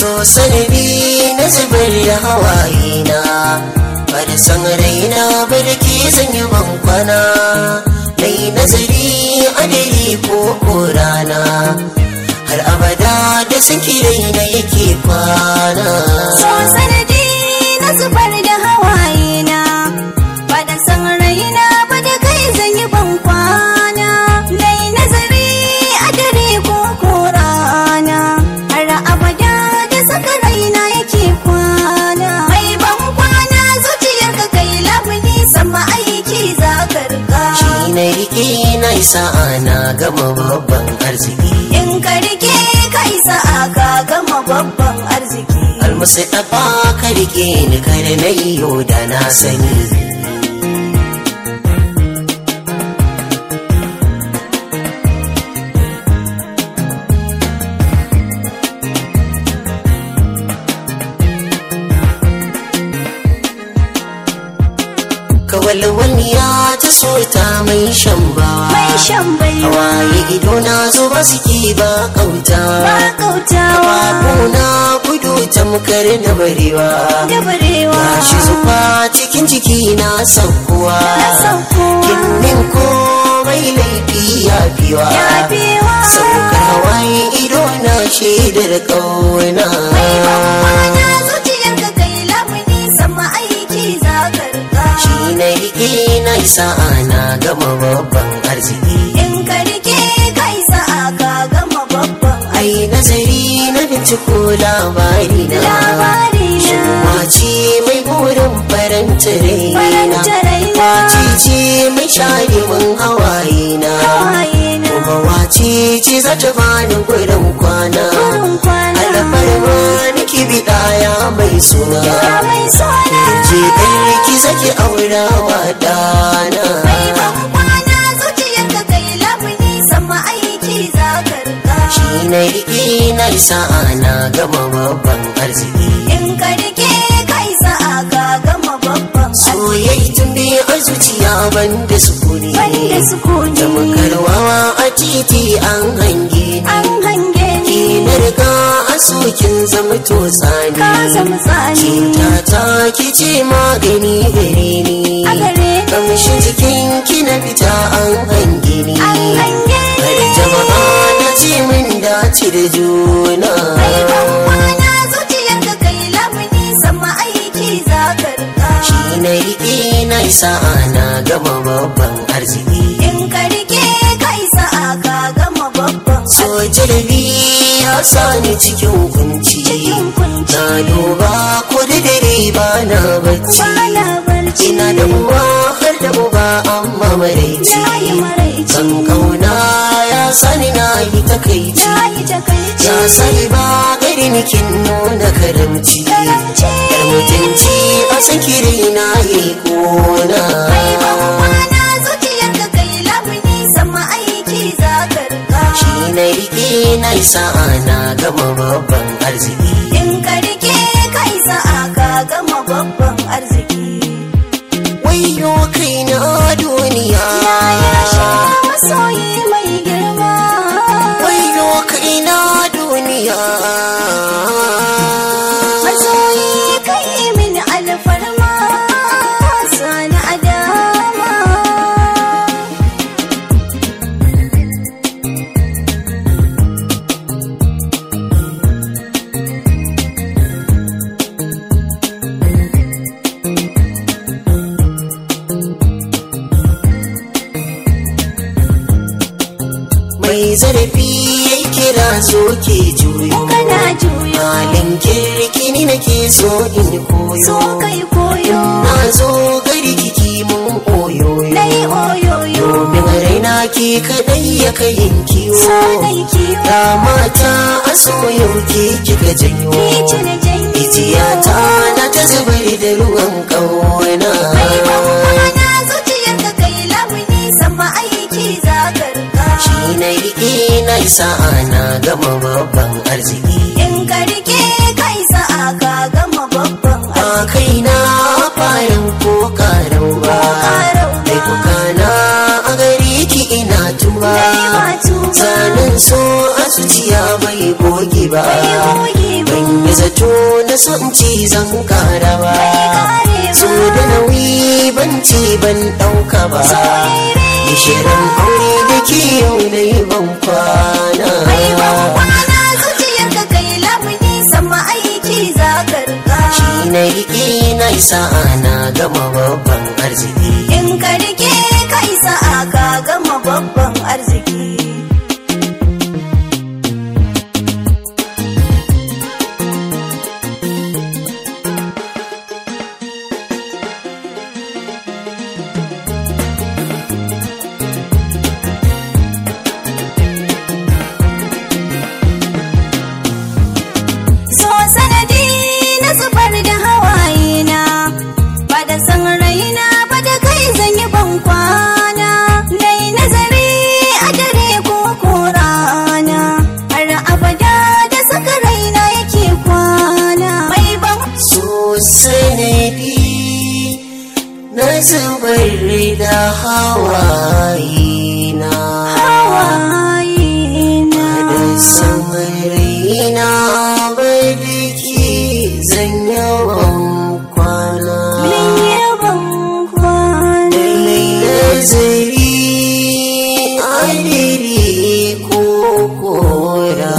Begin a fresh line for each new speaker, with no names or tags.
so sanadi na zubar da hawaye na bada san raina barki zan yi bankwana mai nazari adali ko korana har abada da suke na yake kwana so sanadi
na zubar shi na rike na isa
ana gama babban arziki
in ka rike ka isa aka gama babban arziki
almusu ɗaba ka rike ni kare na iyo da na sani walwaliya ta so ta mai shamba Waye ido na ba suke ba kauta na gudu tamkar da barewa Ya shi zufa cikin ciki na saukuwa kinnin komai laifi ya biwa saukar waye ido na shaidar ƙauna sa'a na gama babban arziki
in ka kai sa'a
ka gama babban ai nazari na binciko labari na labari na mai burin faranta raina wace mai shari mun hawaye na kuma wace za ta bani gurin kwana alfarma ki bi ɗaya mai suna je ɗan ki saki aura wa ɗana
Shi na riƙe na sa'a
na gama babban arziki
In ka riƙe kai sa'a ka gama babban arziki Soyayya tun biyu a
zuciya ban da sukuni Ban da sukuni Jamakarwa a titi an hangi sukin kin zama to tsani cuta ta kice magani gare ni a kamshi jikin ki na fita an hange ni bari jama'a da ce min dace da juna Shi na riƙe na gama babban arziki.
In ka riƙe ka isa a kaga so jirgi ya sani cikin kunci na
duba ko da dare ba na bacci ina da uwa har da uba amma maraici kan kauna ya sani na yi takaici ya sani ba gari nikin nuna karamci da mutunci a sakiri na yi kowa yayi kira so ke juyo kana juyo halin kirki ni nake so in koyo so kai koyo na zo gari kiki mun oyo dai oyo yo min raina ki kadai ya kayin kiwo ya mata aso yau ki kika janyo ijiya ta na ta da ruwan na kawana
ka kai lamuni sama aiki zagar ni
eh, na sa'a na isa ana gama babban arziki
in ka kai ka ka gama babban arziki a kaina farin ko karau ba
mai na a gari ki ina tuba sanin so a zuciya bai goge ba ban yi zato na son ci zan kara ba so da nauyi ban ci ban ɗauka ba Shirin aure Ki yau da yi ban kwana ai ban
kwana zuciyar ka kai labuni sama aiki za ka rika shi na riƙe
na isa ana gama babban arziki
in ka riƙe ka isa aka gama zubai
da hawaina hawaina da samarina bai biki zan yawan kwana yawan kwana nazari adiri ko koya